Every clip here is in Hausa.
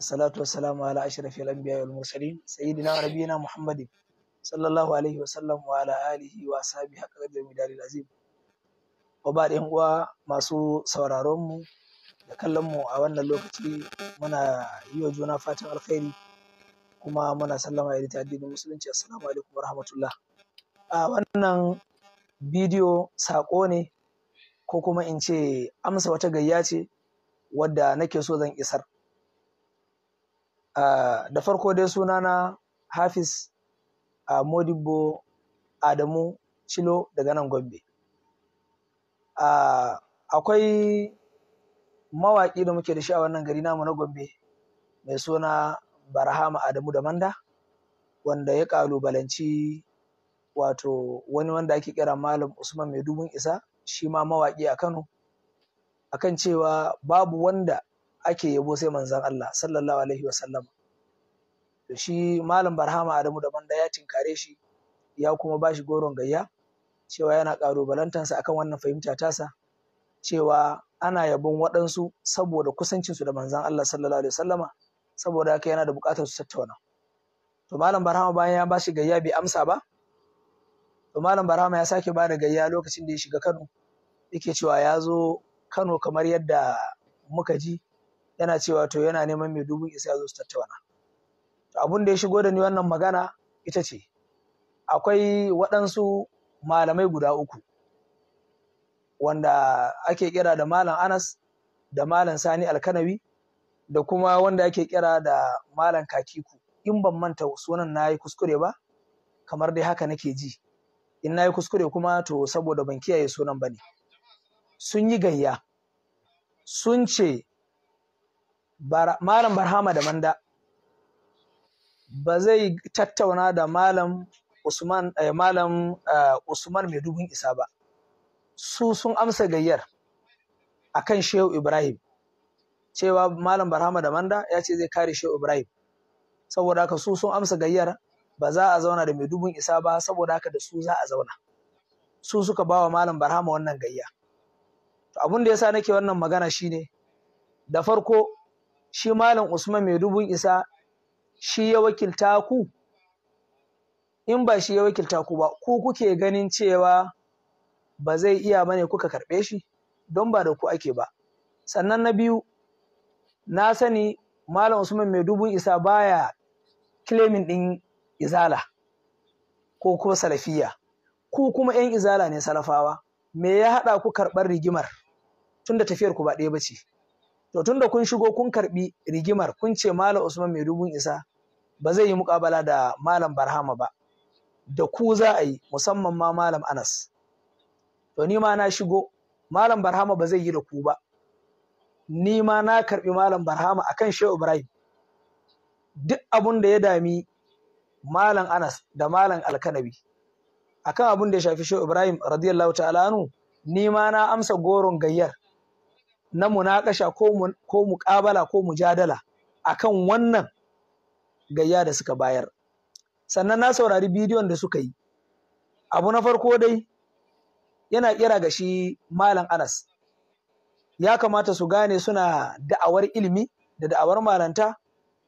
salatu wassalamu ala ashrafil anbiya wal mursalin sayyidina wa nabiyina muhammadin sallallahu alaihi wa sallam wa ala alihi wa ashabi haka da midari wa ba uwa masu sauraronmu da kallon mu a wannan lokaci muna yi wa juna fatan alkhairi kuma muna sallama da addinin musulunci assalamu alaikum wa rahmatullah a wannan bidiyo saƙo ne ko kuma in ce amsa wata gayya ce wadda nake so zan isar da farko dai sunana Hafiz a Modibo Adamu Cilo daga nan Gombe. Akwai mawaƙi da muke da shi a wannan gari namu na Gombe mai suna Barahama, Adamu da Manda wanda ya ƙalubalanci wato wani wanda ake kira Malam Usman Mai Dubun Isa shi ma mawaƙi a Kano akan cewa babu wanda ake yabo sai manzan Allah sallallahu alaihi wa to shi malam barhama Adamu da banda ya tinkare shi ya kuma bashi goron gayya cewa yana sa akan wannan fahimta tasa cewa ana yabon waɗansu saboda kusancinsu da manzan Allah sallallahu alaihi wa sallama. saboda haka yana da buƙatar su tattauna to malam barhama bayan ya bashi gayya bai amsa ba to malam barhama ya sake bada gayya lokacin da ya shiga Kano yake cewa ya zo Kano kamar yadda muka ji yana cewa to yana neman mai dubu isa zo su tattauna abun da ya shigo da ni wannan magana ita ce akwai waɗansu malamai guda uku wanda ake kira da malam anas da malam sani alkanawi da kuma wanda ake kira da malam kakiku in ban manta sunan na yi kuskure ba kamar dai haka nake ji in na yi kuskure kuma to saboda ban kiyaye sunan ba ne sun yi gayya sun ce malam barhama da manda ba zai tattauna da malam usman eh, malam eh, usman mai dubin isa ba su sun amsa gayyar akan shehu ibrahim cewa malam barhama da manda ya ce zai kare shehu ibrahim saboda haka su sun amsa gayyar ba za a zauna da mai dubin isa ba saboda haka da su za a zauna su suka bawa malam barhama wannan gayya To abun da yasa nake wannan magana shine da farko shi malam usman mai dubun isa shi ya wakilta ku in ba shi ya wakilta ku ba ku kuke ganin cewa ba zai iya ba ne kuka karɓe shi don ba da ku ake ba sannan na biyu na sani malam usman mai dubun isa baya kilimin ɗin izala ko kuma salafiya ku kuma 'yan izala ne salafawa me ya haɗa ku karɓar rigimar tunda tafiyar ku ba ɗaya ba ce to da kun shigo kun karbi rigimar kun ce malam usman mai dubun isa ba zai yi mukabala da malam barhama ba da ku za a yi musamman ma malam anas to ni ma na shigo malam barhama ba zai yi da ku ba ni ma na karbi malam barhama akan shehu ibrahim duk abun da ya dami malam anas da malam alkanabi akan abun da ya shafi shehu ibrahim radiyallahu ta'ala anu ni ma na amsa goron gayyar na munaƙasha ko muƙabala ko mujadala a kan wannan gayya da suka bayar sannan na saurari bidiyon da suka yi abu na farko dai yana kira ga shi malam Anas ya kamata su gane suna da'awar ilimi da da'awar malanta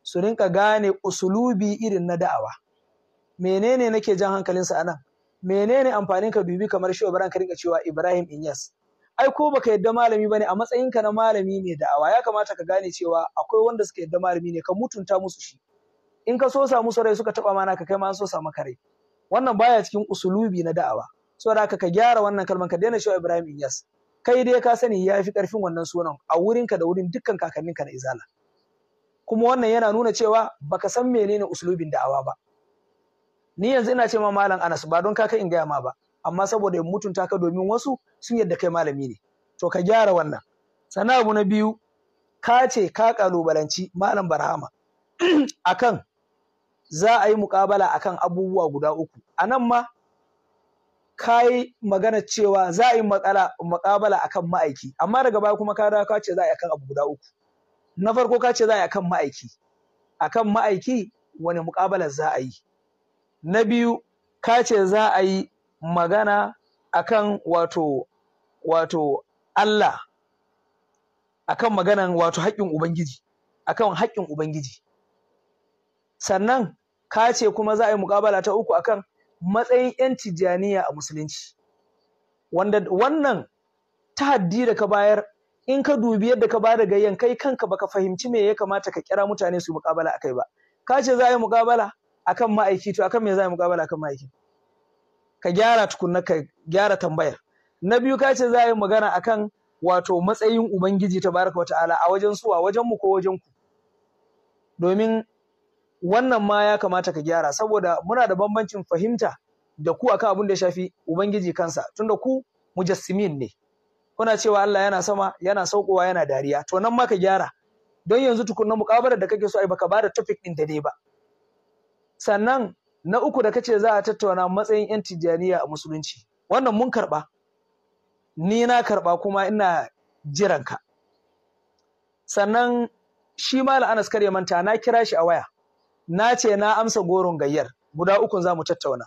su rinka gane usulubi irin na da'awa menene nake jan hankalinsa anan menene amfanin ka dubi kamar shi ka rinka cewa Ibrahim Inyas ai ko baka yadda malami bane a matsayinka na malami mai da'awa ya kamata ka gane cewa akwai wanda suka yadda malami ne ka mutunta musu shi in ka so sa musu rai suka taba mana ka kai ma an so sa maka rai wannan baya cikin usulubi na da'awa saboda haka ka gyara wannan kalman ka daina cewa Ibrahim Ilyas. kai dai ka sani ya fi karfin wannan sunan a wurin ka da wurin dukkan kakanninka na izala kuma wannan yana nuna cewa baka san menene usulubin da'awa ba ni yanzu ina ce ma malam Anas ba don kaka in gaya ma ba amma saboda ya mutunta ka domin wasu sun yadda kai malami ne to ka gyara wannan sana abu na biyu ka ce ka kalubalanci malam barhama akan za a yi muƙabala akan abubuwa guda uku a nan ma ka yi magana cewa za a yi mukabala akan ma'aiki amma daga baya kuma ka dawo ka ce za a yi akan abu guda uku na farko ka ce za a yi akan ma'aiki akan ma'aiki wani mukabala za a yi na biyu ka ce za a yi magana akan wato wato Allah akan maganan wato haƙƙin ubangiji akan haƙƙin ubangiji sannan ka ce kuma za a yi muƙabala ta uku akan matsayin yanci janiya a musulunci wanda wannan tahaddi da ka bayar in ka dubi yadda ka bada gayyan kai kanka baka fahimci me ya kamata ka kira mutane su muƙabala akai ba ka ce za a yi muƙabala akan ma'aiki to akan me za a yi muƙabala akan ma'aiki ka gyara tukunna ka gyara tambayar na biyu ka ce za a yi magana akan wato matsayin ubangiji ta baraka wa ta'ala a wajen su a wajen mu ko wajen ku domin wannan ma ya kamata ka gyara saboda muna da bambancin fahimta da ku akan abin da ya shafi ubangiji kansa tunda ku mujassimin ne kuna cewa Allah yana sama yana saukowa yana dariya to nan ma ka gyara don yanzu tukunna muƙabalar da kake so ai baka da topic din da dai ba sannan na uku da kace za a tattauna matsayin yan tijaniya a musulunci wannan mun karba ni na karba kuma ina jiranka sannan shi ma la'anas kare manta na kira shi a waya na ce na amsa goron gayyar guda ukun za mu tattauna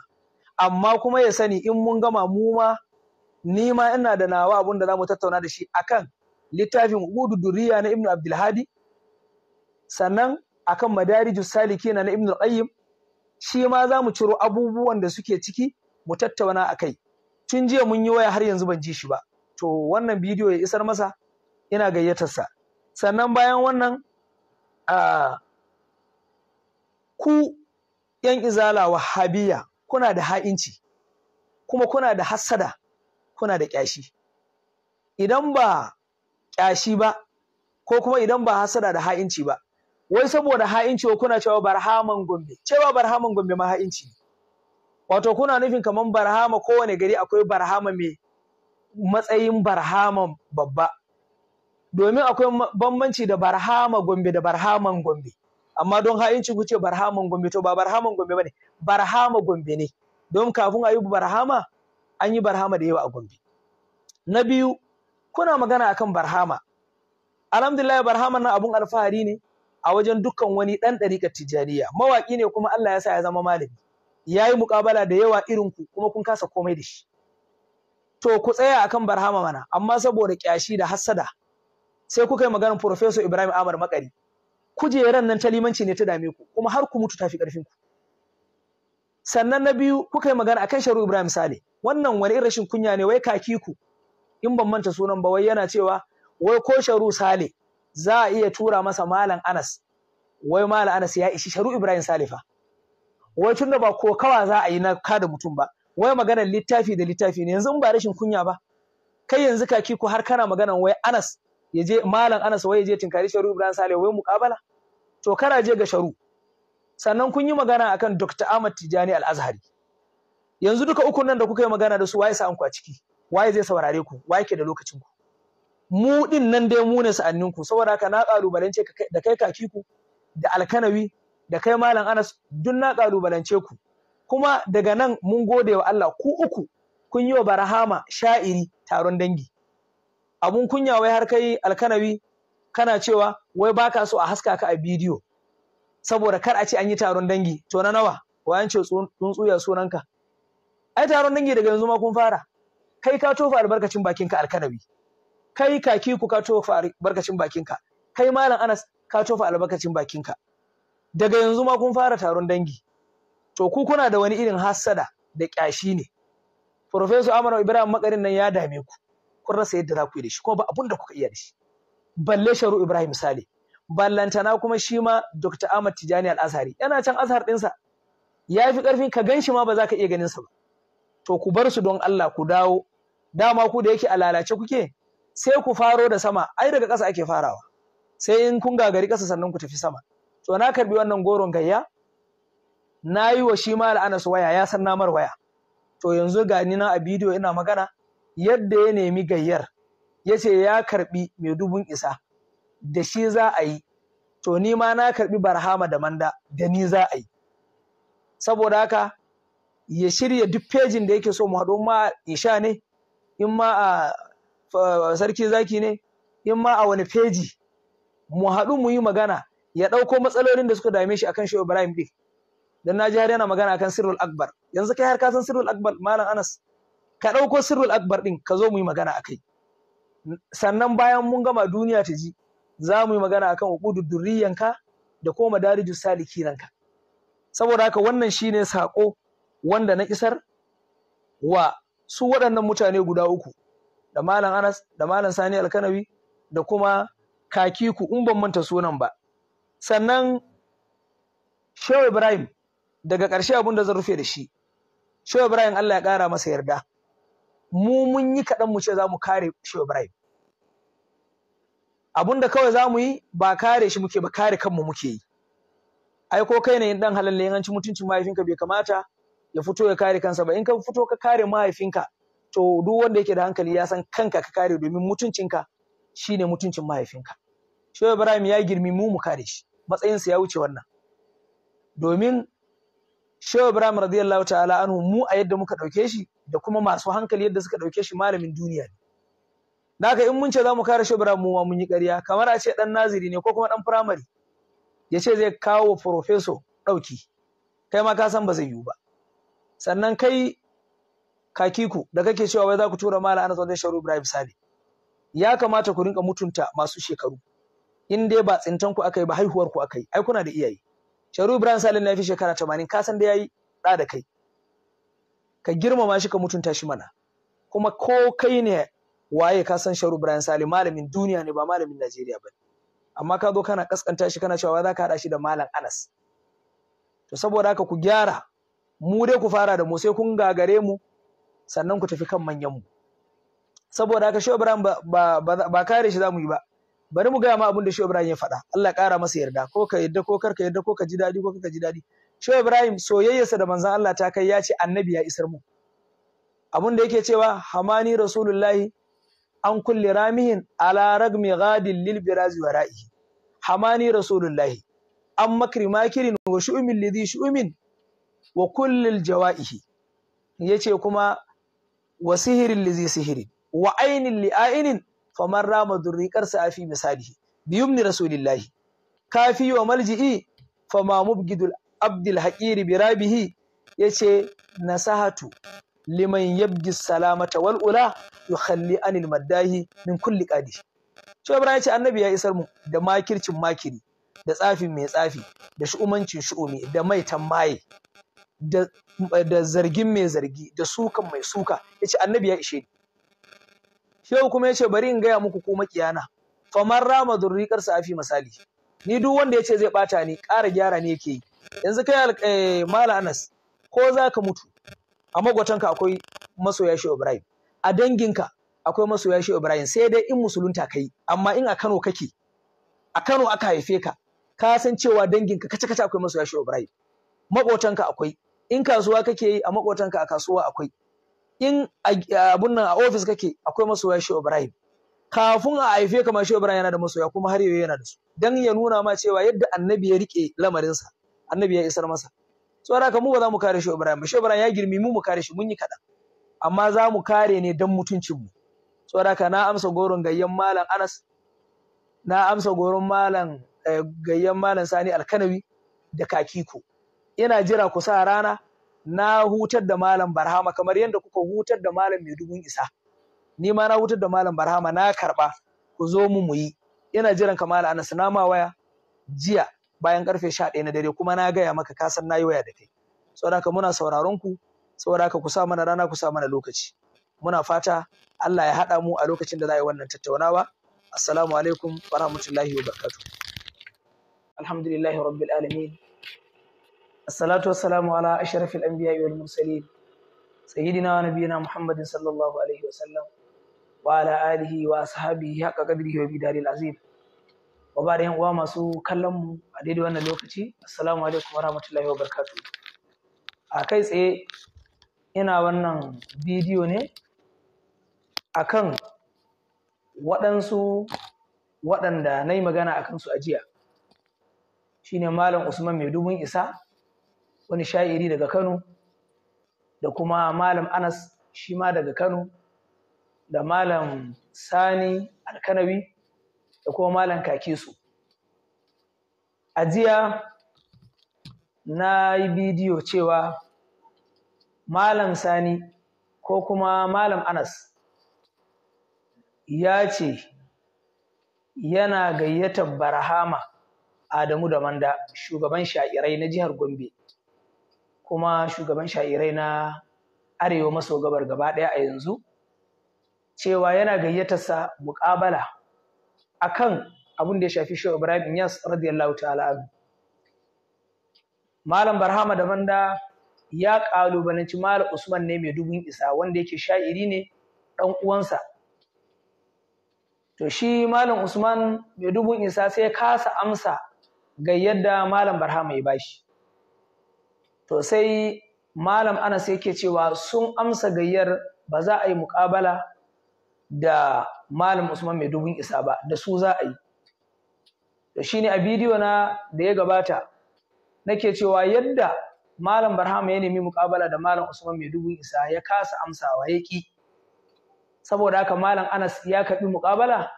amma kuma ya sani in mun gama mu ma ni ma ina da nawa abun da za mu tattauna da shi akan littafin Ubudu Duriya na ibnu Abdulhadi sannan akan Madarijus Salikina na Ibn Qayyim shi ma za mu ciro abubuwan da suke ciki mu tattauna a kai tun jiya mun yi waya har yanzu ban ji shi ba to wannan bidiyo ya isar masa ina gayyatarsa sannan bayan wannan a ku yan izala wahabiya kuna da ha'inci kuma kuna da hassada kuna da ƙyashi idan ba ƙyashi ba ko kuma idan ba hassada da ha'inci ba wai saboda ha'inci kuna cewa barhaman gombe cewa barhaman gombe ma ha'inci wato kuna nufin kaman barhama kowane gari akwai barhama mai matsayin barhaman babba domin akwai bambanci da barhama gombe da barhaman gombe amma don ha'inci ku ce barhaman gombe to ba barhaman gombe bane barhama gombe ne don kafin a yi barhama an yi barhama da yawa a gombe na biyu kuna magana akan barhama alhamdulillah barhama nan abun alfahari ne a wajen dukkan wani ɗan ɗariƙar tijjaniya mawaƙi ne kuma Allah ya sa ya zama malami ya yi muƙabala da yawa irin ku kuma kun kasa komai da shi to ku tsaya akan barhama mana amma saboda ƙyashi da hassada sai kuka yi maganar Professor Ibrahim Amar Makari kujeran nan ta limanci ne ta dame ku kuma har ku mutu tafi karfin ku sannan na biyu kuka yi magana akan Sharu Ibrahim Sale wannan wani rashin kunya ne wai kaki ku in ban manta sunan ba wai yana cewa wai ko Sharu Sale za a iya tura masa malam Anas wai malam Anas ya ishi Sharu Ibrahim Salifa wai tunda ba ko kawa za a yi na kada mutum ba wai maganar littafi da littafi ne yanzu in ba rashin kunya ba kai yanzu kaki ko har kana maganar wai Anas ya je malam Anas wai ya je tinkari Sharu Ibrahim Salifa wai muƙabala to kana je ga Sharu sannan kun yi magana akan Dr. Ahmad Tijani Al-Azhari yanzu duka ukun nan da kuka yi magana da su waye sa ku a ciki waye zai saurare ku waye ke da lokacin ku mu din nan dai mu ne sa'annin ku saboda haka na kalubalance da kai kaki ku da alkanawi da kai malam Anas duk na kalubalance ku kuma daga nan mun gode wa Allah ku uku kun yi wa Barahama sha'iri taron dangi abun kunya wai har kai alkanawi kana cewa wai baka so a haska ka a bidiyo saboda kar a ce an yi taron dangi to na nawa wayan ce tsuntsu ya sunanka ai taron dangi daga yanzu ma kun fara kai ka tofa albarkacin bakinka alkanawi kai kaki ku ka tofa albarkacin bakinka kai malam Anas ka tofa albarkacin bakinka daga yanzu ma kun fara taron dangi to ku kuna da wani irin hassada da kyashi ne Professor Amara Ibrahim Makarin nan ya dame ku kun rasa yadda za ku yi da shi ko ba abun da kuka iya da shi balle Sharu Ibrahim Sale ballantana kuma shi ma Dr. Ahmad Tijani Al-Azhari yana can Azhar ɗinsa ya fi ƙarfin ka gan shi ma ba za ka iya ganin sa ba to ku bar su don Allah ku dawo dama ku da yake a lalace kuke sai ku faro da sama ai daga ƙasa ake farawa sai in kun gagari ƙasa sannan ku tafi sama to na karbi wannan goron gayya na yi wa shi ma su waya ya san namar waya to yanzu ga ni na a bidiyo ina magana yadda ya nemi gayyar ya ce ya karbi mai dubun isa da shi za a yi to ni ma na karbi barhama da manda da ni za a yi saboda haka ya shirya duk fejin da yake so mu haɗu ma isha ne in ma a ah, Eh, sarki zaki ne in ma a wani feji mu haɗu mu yi magana ya ɗauko matsalolin da suka dame shi akan shi Ibrahim ɗin dan na har yana magana akan sirrul akbar yanzu kai har ka san sirrul akbar malam Anas ka ɗauko sirrul akbar ɗin ka zo mu yi magana akai sannan bayan mun gama duniya ta ji za mu yi magana akan uqudud durriyanka da kuma madarijus salikinanka saboda haka wannan shine sako wanda na isar wa su waɗannan mutane guda uku da malam Anas da malam Sani Alkanawi da kuma Kakiku in ban manta sunan ba sannan Shehu Ibrahim daga ƙarshe abin da zan rufe da shi Shehu Ibrahim Allah ya ƙara masa yarda mu mun yi kaɗan mu ce za mu kare Shehu Ibrahim abin da kawai za mu yi ba kare shi muke ba kare kanmu muke yi ai ko kai ne dan halalle yanci mutuncin mahaifinka bai kamata ya fito ya kare kansa ba in ka fito ka kare mahaifinka to duk wanda yake da hankali ya san kanka ka kare domin mutuncinka shine mutuncin mahaifinka shi ibrahim ya girmi mu mu kare shi matsayinsa ya wuce wannan domin shehu ibrahim radiyallahu ta'ala anhu mu a yadda muka dauke shi da kuma masu hankali yadda suka dauke shi malamin duniya ne naka in mun ce za mu kare shehu ibrahim mu ma mun yi ƙarya kamar a ce dan naziri ne ko kuma dan firamare ya ce zai kawo wa dauki ɗauki kai ma ka san ba zai yiwu ba sannan kai kakiku da kake cewa wai za ku tura mala anas wajen sharu ibrahim sale ya kamata ku rinka mutunta masu shekaru in dai ba tsintan ku akai ba haihuwar ku akai ai kuna da iyaye sharu ibrahim sale na fi shekara 80 ka san da yi ɗa da kai ka girmama shi ka mutunta shi mana kuma ko kai ne waye ka san sharu ibrahim sale malamin duniya ne ba malamin najeriya ba amma ka zo kana kaskanta shi kana cewa za ka haɗa shi da malam anas to saboda haka ku gyara mu dai ku fara da mu sai kun gagare mu sannan ku tafi kan manyanmu saboda haka shehu ibrahim ba kare shi zamu yi ba bari mu gaya ma abin da shehu ibrahim ya faɗa Allah ƙara masa yarda ko ka yarda ko kar ka yarda ko ka ji daɗi ko ka ji daɗi shehu ibrahim soyayyarsa da manzon Allah ta kai ya ce annabi ya isar mu abin da yake cewa hamani rasulullahi an kulli ramihin ala ragmi ghadil lil birazi wa ra'ihi hamani rasulullahi an makri makirin wa shu'umin lidhi shu'umin wa kullil jawaihi yace kuma wa sihirin li zai wa ainin li ainin faman rama durriƙar sa afi misalihi biyumni rasulillahi kafi wa malji'i fama mubgidul abdul haƙiri birabihi yace nasahatu liman yabgi salamata wal ula yukhalli anil maddahi min kulli qadi cewa ibrahim ce annabi ya isar mu da makircin makiri da tsafin mai tsafi da shu'umancin shu'umi da maitan maye da da zargin mai zargi da sukan mai suka Ya yace annabi ya ishe ni shehu kuma ya ce bari in gaya muku ko makiyana faman rama durriƙar sa'afi misali ni duk wanda ya ce zai bata ni ƙara gyara ne yake yi yanzu kai eh, mala anas ko za ka mutu a magwatanka akwai masoya shi ibrahim a danginka akwai masoya shi ibrahim sai dai in musulunta kai amma in a kano kake a kano aka haife ka ka san cewa danginka kace kace akwai masoya shi ibrahim maƙotanka akwai in kasuwa kake yi a makotanka a kasuwa akwai in abun nan a ofis kake akwai masoya shi Ibrahim kafin a haife ka ma shi Ibrahim yana da masoya kuma har yau yana da su dan ya nuna ma cewa yadda annabi ya rike lamarinsa annabi ya isar masa saboda haka mu ba za mu kare shi Ibrahim ba shi Ibrahim ya girmi mu mu kare shi mun yi kaɗan amma za mu kare ne dan mutuncin mu saboda haka na amsa goron gayyan malam Anas na amsa goron malam eh, gayyan malam Sani Alkanawi da Kakiko ina jira ku sa rana na hutar da malam barhama kamar yadda kuka hutar da malam mai dubun isa ni ma na hutar da malam barhama na karba ku zo mu muyi ina jiran ka malam anas na ma waya jiya bayan karfe 11 na dare kuma na gaya maka ka san nayi waya da kai saboda ka muna sauraron ku saboda kusa ku mana rana kusa mana lokaci muna fata Allah ya haɗa mu a lokacin da za a yi wannan tattaunawa assalamu alaikum wa rahmatullahi wa barakatuh alhamdulillahi rabbil alamin salatu wassalamu ala ashrafil anbiya wal mursalin sayyidina wa nabiyina muhammadin sallallahu alaihi wa sallam wa ala alihi wa ashabihi haka kadri wa bidari azim wa ba uwa masu kallon mu a daidai wannan lokaci assalamu alaikum wa rahmatullahi wa barakatu a kai tsaye ina wannan bidiyo ne akan waɗansu waɗanda na yi magana akan su a jiya shine malam usman mai dubin isa wani sha'iri daga Kano da kuma malam Anas shi ma daga Kano da malam Sani Alkanawi da kuma malam Kakisu a jiya na yi bidiyo cewa malam Sani ko kuma malam Anas ya ce yana gayyatar Barahama Adamu da Manda shugaban sha'irai na jihar Gombe kuma shugaban sha'irai na arewa maso gabar gaba ɗaya a yanzu cewa yana gayyatarsa muƙabala kan abin da ya shafi shi ibrahim yas radiyallahu ta'ala anhu malam barhama da banda ya ƙalubalanci malam usman ne mai dubin isa wanda yake sha'iri ne ɗan uwansa to shi malam usman mai dubin isa sai ya kasa amsa ga yadda malam barhama ya bashi to sai malam anas yake cewa sun amsa gayyar ba za a yi muƙabala da malam usman mai dubun isa ba da su za a yi to shine a bidiyo na da ya gabata nake cewa yadda malam barhama ya nemi muƙabala da malam usman mai dubun isa ya kasa amsawa ya ki saboda haka malam anas ya karɓi muƙabala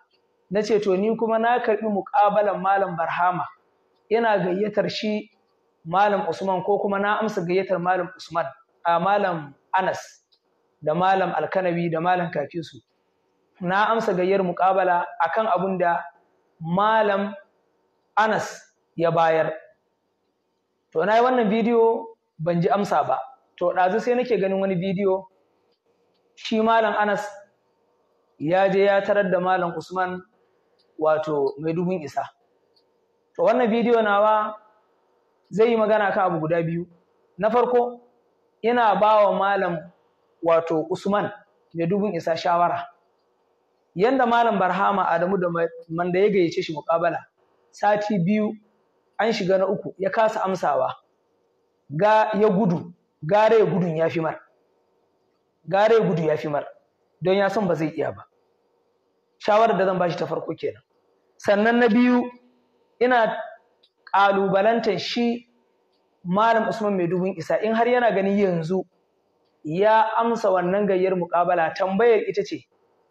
na ce to ni kuma na karɓi muƙabalan malam barhama yana gayyatar shi malam Usman ko kuma na amsa gayyatar malam Usman a malam Anas da malam Alkanabi da malam Kafisu na amsa gayyar muƙabala akan abun da malam Anas ya bayar to na yi wannan bidiyo ban ji amsa ba to ɗazu sai nake ganin wani bidiyo shi malam Anas ya je ya tarar da malam Usman wato mai dubun isa to wannan bidiyo nawa zai yi magana kan abu guda biyu na farko ina ba wa malam wato usman ya dubin isa shawara yanda malam barhama adamu da manda ya gayyace shi muƙabala sati biyu an shiga na uku ya kasa amsawa ga ya gudu gare gudun ya fi mar gare gudu ya fi mar don ya san ba zai iya ba shawarar da zan ba shi ta farko kenan sannan na biyu ina ƙalubalantar shi malam usman mai dubun isa in har yana gani yanzu ya amsa wannan gayyar muƙabala tambayar ita ce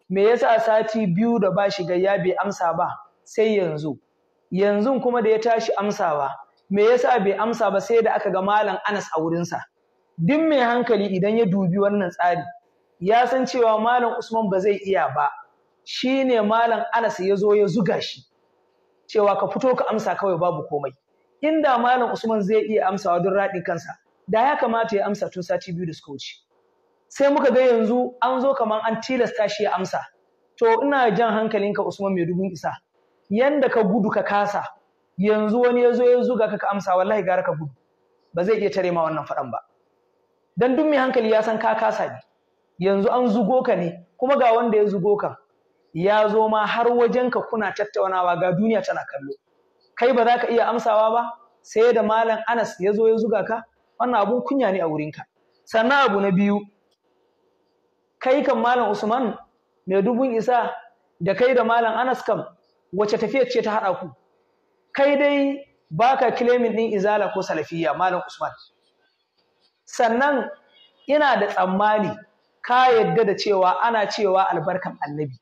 me yasa sati biyu da ba shi gayya bai amsa ba sai yanzu yanzu kuma da ya tashi amsawa me yasa bai amsa ba sai da aka ga malam Anas a wurinsa duk mai hankali idan ya dubi wannan tsari ya san cewa malam Usman ba zai iya ba shine malam Anas ya zo ya zuga shi cewa ka fito ka amsa kawai babu komai inda malam Usman zai iya amsawa don raɗin kansa da ya kamata ya amsa tun sati biyu da suka wuce sai muka ga yanzu an zo kamar an tilasta shi ya amsa to ina jan hankalinka Usman mai dubin isa yanda ka gudu ka kasa yanzu wani ya zo ya zuga ka ka amsa wallahi gara ka gudu ba zai iya tare ma wannan faɗan ba dan duk mai hankali ya san ka kasa ne yanzu an zugo ka ne kuma ga wanda ya zugo ka ya zo ma har wajenka kuna tattaunawa ga duniya tana kallo kai ba za ka iya amsawa ba sai da malam Anas ya zo ya zuga ka wannan abun kunya ne a ka. sannan abu na biyu kai kan malam Usman mai dubun isa da kai da malam Anas kam wace tafiyar ce ta haɗa ku kai dai baka claiming din izala ko salafiyya malam Usman sannan ina da tsammani ka yadda da cewa ana cewa albarkan annabi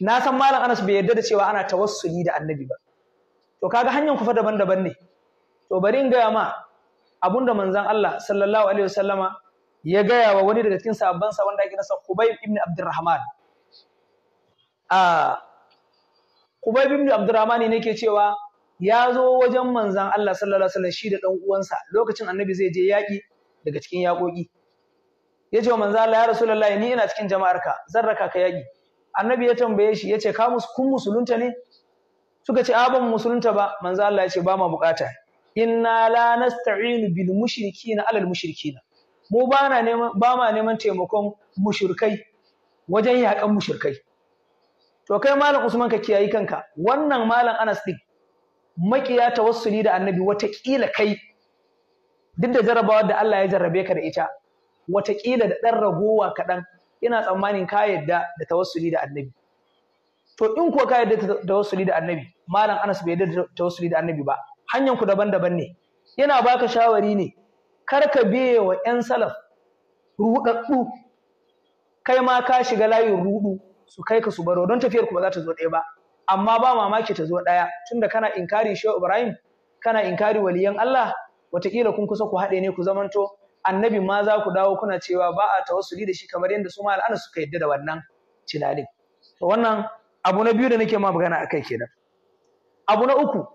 na san malam Anas bai yadda da cewa ana tawassuli da annabi ba to kaga hanyar kufa daban-daban ne to bari in gaya ma abunda manzon Allah sallallahu alaihi wasallama ya gaya wa wani daga cikin sahabban sa wanda ake nasa Kubay ibn Abdurrahman a Kubay ibn Abdurrahman ne ke cewa ya zo wajen manzon Allah sallallahu alaihi wasallam shi da dan uwansa lokacin annabi zai je yaki daga cikin yaƙoƙi? ya ce wa manzon Allah ya rasulullahi ni ina cikin jama'arka zan raka ka yaki annabi ya tambaye shi ya ce ka mus kun musulunta ne suka ce a ban musulunta ba manzo Allah ya ce ba ma bukata inna la nasta'inu bil mushrikina alal mushrikina mu ba na neman ba ma neman taimakon mushrikai wajen yakan mushrikai to kai malam Usman ka kiyayi kanka wannan malam Anas din makiya tawassuli da annabi wataƙila kai duk da jarrabawar da Allah ya jarrabe ka da ita wataƙila da dan ragowa kaɗan ina tsammanin ka yadda da tawassuli da annabi to in kuwa ka yarda wasuli da annabi malam Anas bai yarda wasuli da annabi ba hanyar ku daban-daban ne yana baka shawari ne kar ka biye wa 'yan salaf rudaddu kai ma ka shiga layin rudu su kai ka su baro don tafiyar ku ba za ta zo ɗaya ba amma ba mamaki ta zo ɗaya tunda kana inkari Shehu Ibrahim kana inkari waliyan Allah wataƙila kun kusa ku haɗe ne ku zamanto annabi ma za ku dawo kuna cewa ba a tawassuli da shi kamar yadda su malam al'ana suka yadda da wannan tunanin to wannan abu na biyu da nake ma magana akai kenan abu na uku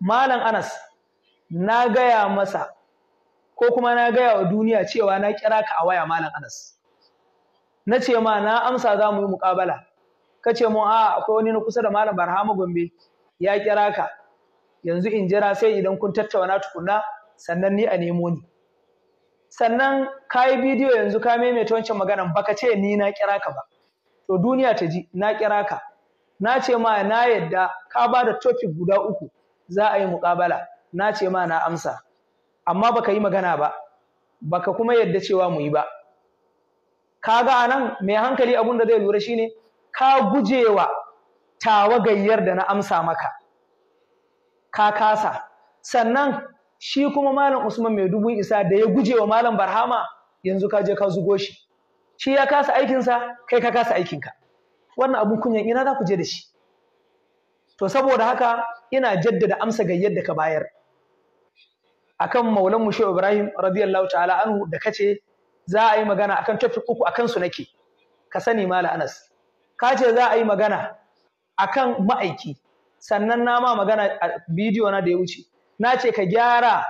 malam Anas na gaya masa ko kuma na gaya wa duniya cewa na kira ka a waya malam Anas na ce ma na amsa za mu yi muƙabala ka ce mu a akwai wani na kusa da malam Barhama Gombe ya kira ka yanzu in jira sai idan kun tattauna tukunna sannan ni a nemo ni sannan ka yi bidiyo yanzu ka maimaita wancan maganan baka ce ni na kira ka ba to duniya ta ji na kira ka na ce ma na yadda ka ba da topic guda uku za a yi muƙabala na ce ma na amsa amma baka yi magana ba baka kuma yadda cewa mu yi ba ga anan mai hankali abun da zai lura shine ka gujewa tawa gayyar da na amsa maka ka kasa sannan shi kuma malam Usman mai dubun isa da ya gujewa malam Barhama yanzu ka je ka zugo shi shi ya kasa aikinsa kai ka kasa aikinka wannan abun kunyan ina za ku je da shi to saboda haka ina jaddada amsa ga yadda ka bayar akan maulan mushe ibrahim radiyallahu ta'ala anhu da kace za a yi magana akan tafi uku akan su nake ka sani mala anas ka ce za a yi magana akan ma'aiki sannan na ma magana a bidiyo na da ya wuce na ce ka gyara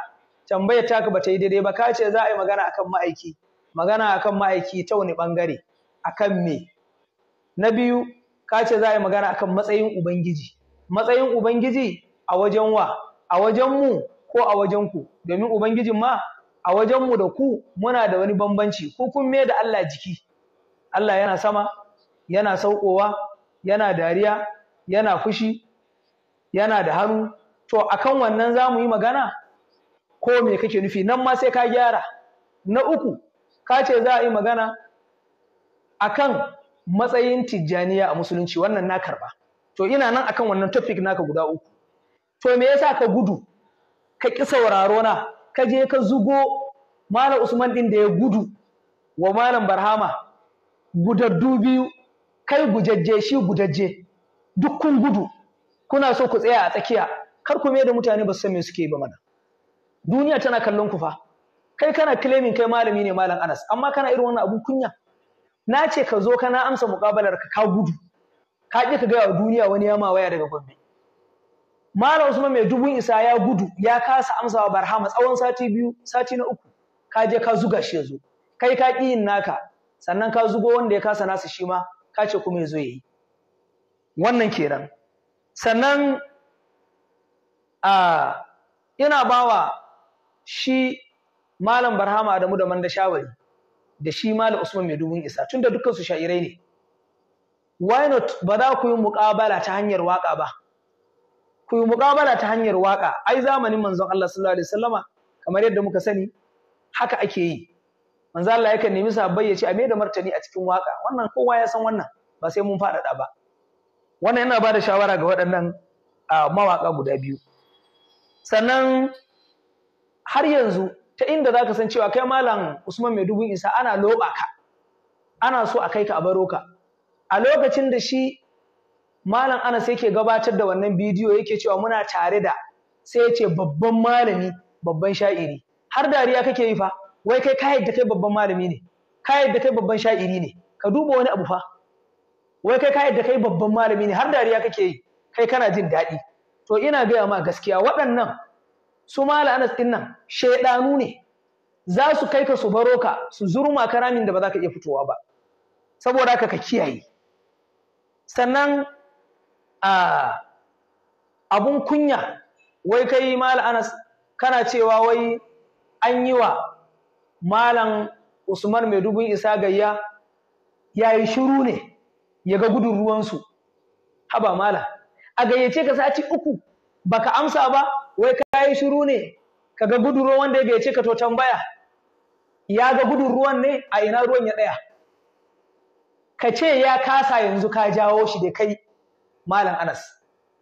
tambayar taka bata yi daidai ba ka ce za a yi magana akan ma'aiki magana akan ma'aiki ta wani bangare akan me na biyu ka ce za a yi magana akan matsayin ubangiji matsayin ubangiji a wajen wa a wajen mu ko a wajen ku domin ubangijin ma a wajen mu da ku muna da wani bambanci ku kun me da Allah jiki Allah yana sama yana saukowa yana dariya yana fushi yana da hannu to akan wannan za mu yi magana ko me kake nufi nan ma sai ka gyara na uku ka ce za a yi magana akan matsayin tijjaniya a musulunci wannan na karba to ina nan akan wannan topic naka guda uku to me yasa ka gudu ka ki sauraro na ka je ka zugo malam Usman ɗin da ya gudu wa malam Barhama gudaddu biyu kai gujajje shi gudajje duk kun gudu kuna so ku tsaya a tsakiya kar ku mai da mutane ba su san me suke yi ba mana duniya tana kallon ku fa kai kana claiming kai malami ne malam Anas amma kana irin wannan abun kunya na ce ka zo kana amsa muƙabalar ka ka gudu ka ƙi ka gaya wa duniya wani ya waya daga Gombe Malam Usman mai dubun isa ya gudu ya kasa amsawa Barhama tsawon sati biyu sati na uku ka je ka zuga shi ya kai ka ƙi yin naka sannan ka zugo wanda ya kasa nasa shi ma ka ce kuma yazo yayi ya wannan kenan sannan a ah, ina bawa shi malam barhama adamu da manda shawari da shi malam usman mai dubun isa tunda dukkan su sha'irai ne why not ba za ku yi muqabala ta hanyar waka ba ku yi muqabala ta hanyar waka. ai zamanin manzon Allah sallallahu alaihi wasallama kamar yadda muka sani haka ake yi manzon Allah yakan nemi sahabbai ya ce a da martani a cikin waka. wannan kowa ya san wannan ba sai mun faɗaɗa ba wannan yana bada shawara ga waɗannan ah, mawaka guda biyu sannan har yanzu ta inda za ka san cewa kai malam Usman mai dubun isa ana loba ka ana so a kai ka a baro ka a lokacin da shi malam Anas yake gabatar da wannan bidiyo yake cewa muna tare da sai ya ce babban malami babban sha'iri har dariya kake yi fa wai kai ka yadda kai babban malami ne ka yadda kai babban sha'iri ne ka duba wani abu fa wai kai ka yadda kai babban malami ne har dariya kake yi kai kana jin daɗi to ina gaya ma gaskiya waɗannan su mala anas din nan shedanu ne za su kai ka su baro ka su zurma karamin da ba za ka iya fitowa ba saboda haka ka kiyaye sannan a abun kunya wai kai mala anas kana cewa wai an yi wa malam usman mai dubun isa gayya ya yi shiru ne ya ga gudun ruwansu haba mala a gayyace ka sati uku baka amsa ba wai ka yi shiru ne ka ga gudun ruwan wanda ya ce ka to tambaya ya ga gudun ruwan ne a ina ruwan ya tsaya ka ce ya kasa yanzu ka jawo shi da kai malam anas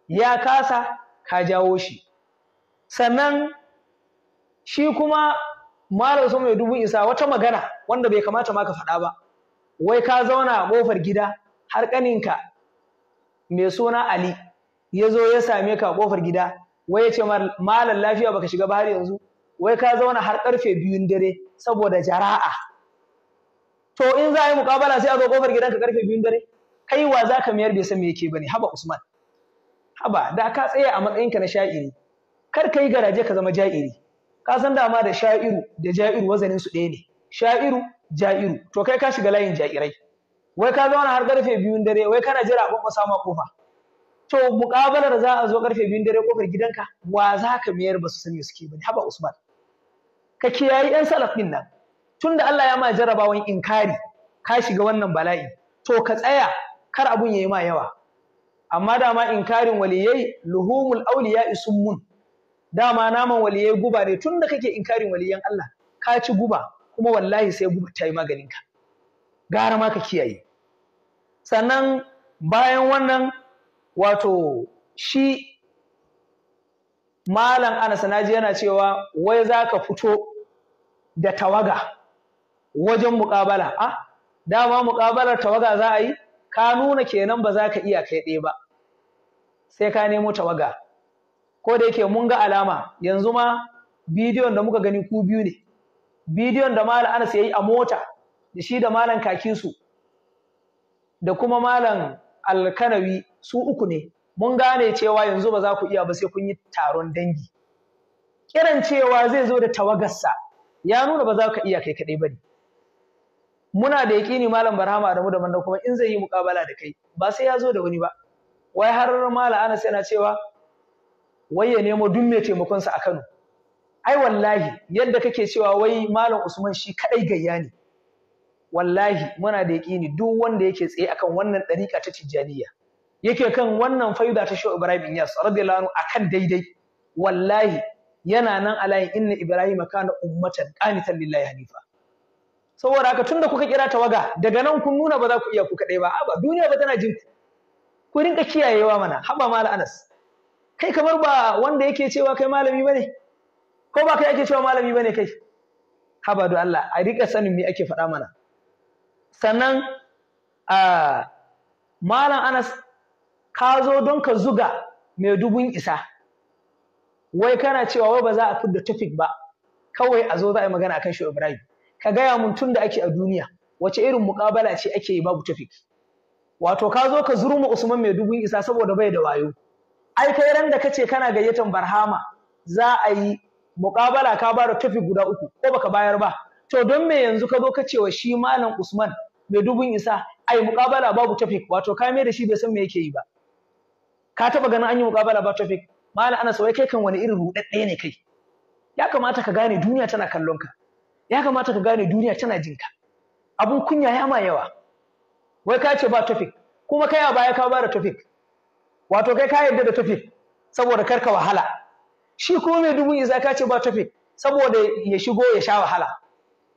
ya kasa ka jawo shi sannan shi kuma malam sun mai dubu isa wata magana wanda bai kamata ma ka faɗa ba wai ka zauna a ƙofar gida har ƙaninka mai suna ali ya zo ya same ka a ƙofar gida wai ya ce malam lafiya baka shiga ba har yanzu wai ka zauna har karfe biyun dare saboda jara'a to in za a yi mukabala sai a zo kofar gidanka karfe biyun dare kai wa za ka mayar bai san me yake bane haba usman haba da ka tsaya a matsayinka na sha'iri kar ka yi garaje ka zama ja'iri ka san dama da sha'iru da ja'iru wazanin su ɗaya ne sha'iru ja'iru to kai ka shiga layin ja'irai wai ka zauna har karfe biyun dare wai kana jira abin samu kofa to muƙabalar za a zo karfe biyun dare kofar gidanka wa za ka mayar ba su sani suke bane haba usman ka kiyayi yan salaf din nan tunda Allah ya ma jarabawan inkari ka shiga wannan bala'i to ka tsaya kar abun yayi ma yawa amma dama inkarin waliyai luhumul awliya isummun dama naman waliyai guba ne tunda kake inkarin waliyan Allah ka ci guba kuma wallahi sai guba ta yi maganinka gara ma ka kiyaye sannan bayan wannan wato shi malam Anas naji yana cewa wai za ka fito da tawaga wajen muƙabala a dama muƙabalar tawaga za a yi ka nuna kenan ba za ka iya kai ɗaya ba sai ka nemo tawaga ko da yake mun ga alama yanzu ma bidiyon da muka gani ku biyu ne bidiyon da malam Anas yi a mota da shi da malam kakinsu da kuma malam Alkanawi su uku ne mun gane cewa yanzu ba za ku iya ba sai kun yi taron dangi kiran cewa zai zo da tawagarsa ya nuna ba za ka iya kai kaɗai ba ne muna da yaƙini malam barhama da mu da manna kuma in zai yi muƙabala da kai ba sai ya zo da wani ba wai har malam anas yana cewa wai ya nemo duk mai taimakonsa a kano ai wallahi yadda kake cewa wai malam usman shi kaɗai gayya ne wallahi muna da yaƙini duk wanda yake tsaye akan wannan ɗariƙa ta tijjaniya yake kan wannan faida ta Shehu Ibrahim Yas radiyallahu anhu akan daidai wallahi yana nan alayin inna Ibrahim kana ummatan qanitan lillahi hanifa saboda haka tunda kuka kira waga, daga nan kun nuna ba za ku iya ku kadai ba ba duniya ba tana jin ku ku rinka kiyayewa mana haba mala Anas kai kamar ba wanda yake cewa kai malami bane ko ba kai ake cewa malami bane kai haba do Allah a rika sanin me ake faɗa mana sannan a ah, malam Anas ka zo don ka zuga mai dubun isa wai kana cewa wai ba za a fidda topic ba kawai a zo za a yi magana akan shi Ibrahim ka gaya mun tun da ake a duniya wace irin mukabala ce ake yi babu topic wato ka zo ka zurma Usman mai dubun isa saboda bai da wayo ai kai ran da ka kace kana gayyatan Barhama za a yi muƙabala ka bada topic guda uku ko baka bayar ba to don me yanzu ka zo ka ce wa shi malam Usman mai dubun isa ai muƙabala babu tafik wato ka mai da shi bai san me yake yi ba ka taba ganin an yi mukabala ba traffic mala ana wai kai kan wani irin ɗaya ne kai ya kamata ka gane duniya tana kallon ka ya kamata ka gane duniya tana jin ka abun kunya ya ma yawa wai ka ce ba traffic kuma kai a baya ka ba da traffic wato kai ka yarda da traffic saboda kar ka wahala shi kuma mai dubun isa ka ce ba traffic saboda ya shigo ya sha wahala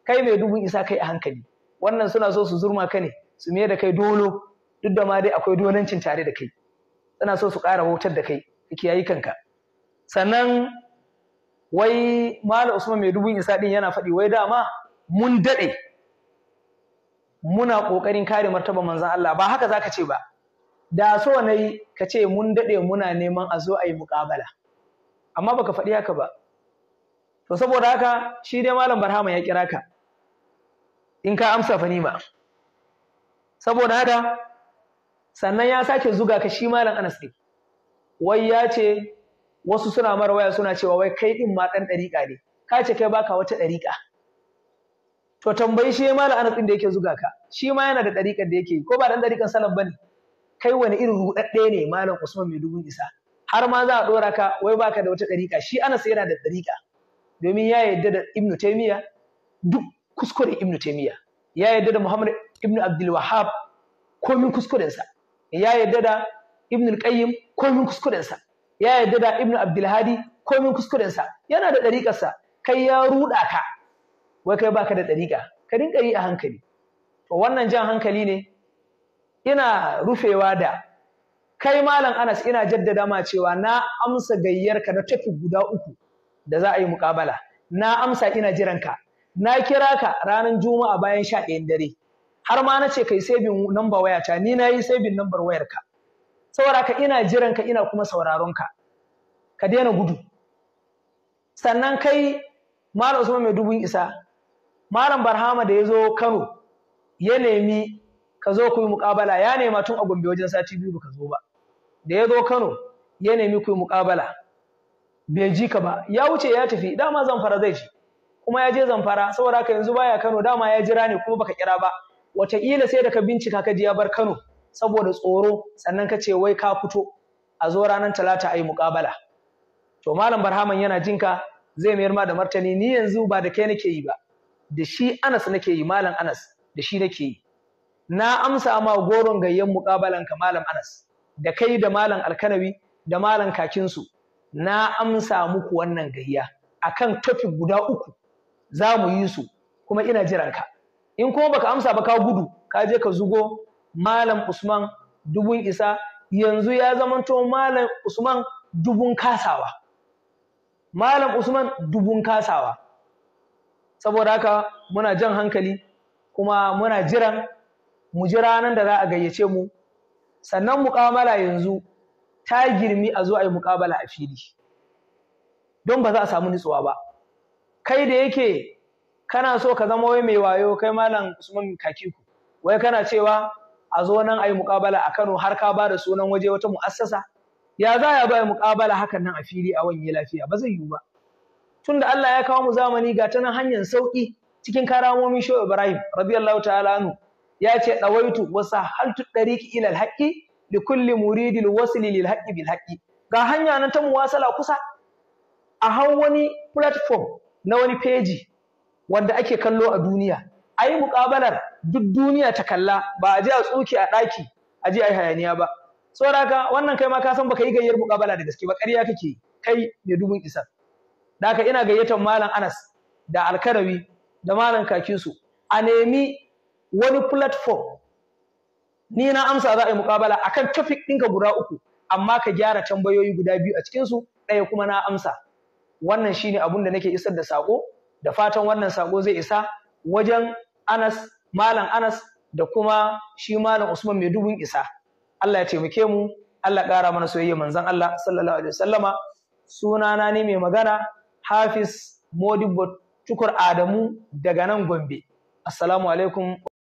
kai mai dubun isa kai a hankali wannan suna so su zurma ka ne su me da kai dolo duk da ma dai akwai dolancin tare da kai tana so su ƙara bautar da kai ka kiyayi kanka sannan wai malam usman mai dubun isa din yana faɗi wai dama mun daɗe muna ƙoƙarin kare martaba manzon Allah ba haka zaka ce ba da so nayi ka ce mun daɗe muna neman a zo a yi muƙabala amma baka faɗi haka ba to saboda haka shi dai malam barhama ya kira ka in ka amsa fa ni ba. saboda haka sannan ya sake zuga ka shi malam Anas ne wai ya ce wasu suna mara waya suna cewa wai kai din ma dan ɗariƙa ne ka ce kai baka wata ɗariƙa. to tambayi shi malam Anas din da yake zuga ka shi ma yana da dariƙar da yake ko ba dan dariƙan salaf bane kai wani irin rudadde ne malam Usman mai dubun isa har ma za a dora ka wai baka da wata ɗariƙa? shi Anas yana da ɗariƙa? domin ya yarda da Ibn Taymiyyah duk kuskure Ibn Taymiyyah ya yarda da Muhammad Ibn Abdul Wahhab komin kuskurensa ya yarda da ibn al-qayyim komin kuskuren sa ya yarda da ibn abdul hadi komin kuskuren sa yana da dariƙar sa kai ya ruda ka wai kai baka da dariƙa ka dinka yi a hankali to wannan jan hankali ne ina rufewa da kai malam Anas ina jaddada ma cewa na amsa gayyarka na tafi guda uku da za a yi muƙabala na amsa ina jiranka na kira ka ranar juma'a bayan sha ɗayan dare har ma na ce kai saving number waya ta ni na yi saving number wayar ka saboda ka ina jiran ka ina kuma sauraron ka ka daina gudu sannan kai malam Usman mai dubun isa malam Barhama da ya zo Kano ya nemi ka zo ku yi muƙabala ya nema tun a Gombe wajen sati biyu ka zo ba da yazo Kano ya nemi ku yi muƙabala bai ji ka ba ya wuce ya tafi dama zamfara zai ji. kuma ya je zamfara saboda haka yanzu baya Kano dama ya jira ne kuma baka kira ba wataƙila sai da ka bincika ka ji ya bar Kano saboda tsoro sannan ka ce wai ka fito a zo ranar talata a yi muƙabala to malam barhaman yana jinka zai mayar ma da martani ni yanzu ba da kai nake yi ba da shi anas nake yi malam anas da shi nake yi na amsa ma goron gayyan muƙabalan ka malam anas da kai da malam alkanawi da malam kakinsu na amsa muku wannan gayya akan topic guda uku za mu yi su kuma ina jiranka in kuma baka amsa ba ka gudu ka je ka zugo malam Usman dubun isa yanzu ya zamanto malam Usman dubun kasawa malam Usman dubun kasawa saboda haka muna jan hankali kuma muna jiran mu ji ranar da za a gayyace mu sannan muƙamala yanzu ta girmi a zo a yi muƙabala a fili don ba za a samu nutsuwa ba kai da yake kana so ka zama wai mai wayo kai malam Usman Kakiku wai kana cewa a zo nan ayi muƙabala a Kano har ka ba da sunan waje wata mu'assasa ya za ya ba muƙabala hakan nan a fili a wani lafiya ba zai yiwu ba tunda Allah ya kawo mu zamani ga ta nan hanyar sauƙi cikin karamomin Shehu Ibrahim radiyallahu ta'ala anhu ya ce dawaitu wa sahaltu dariqi ila alhaqi li kulli muridil wasli lil haqqi bil haqqi ga hanya nan ta muwasala kusa a hau wani platform na wani page wanda ake kallo a duniya a yi muƙabalar duk duniya ta kalla ba a je a tsuke a ɗaki a je a yi hayaniya ba tsoraka wannan kai ma ka san baka yi gayyar muƙabala da gaske ba ƙarya kake kai mai dubun isar da haka ina gayyatar malam Anas da Alkarawi da malam Kakisu a nemi wani platform ni na amsa za a yi muƙabala kan topic ɗinka guda uku amma ka gyara tambayoyi guda biyu a cikinsu ɗaya kuma na amsa wannan shine abun da nake isar da sako da fatan wannan sako zai isa wajen Anas malam Anas da kuma shi malam Usman mai dubun isa Allah ya taimake mu Allah ƙara mana soyayya manzon Allah sallallahu alaihi wasallama sunana ne mai magana Hafiz Modibot, Tukur Adamu daga nan Gombe assalamu alaikum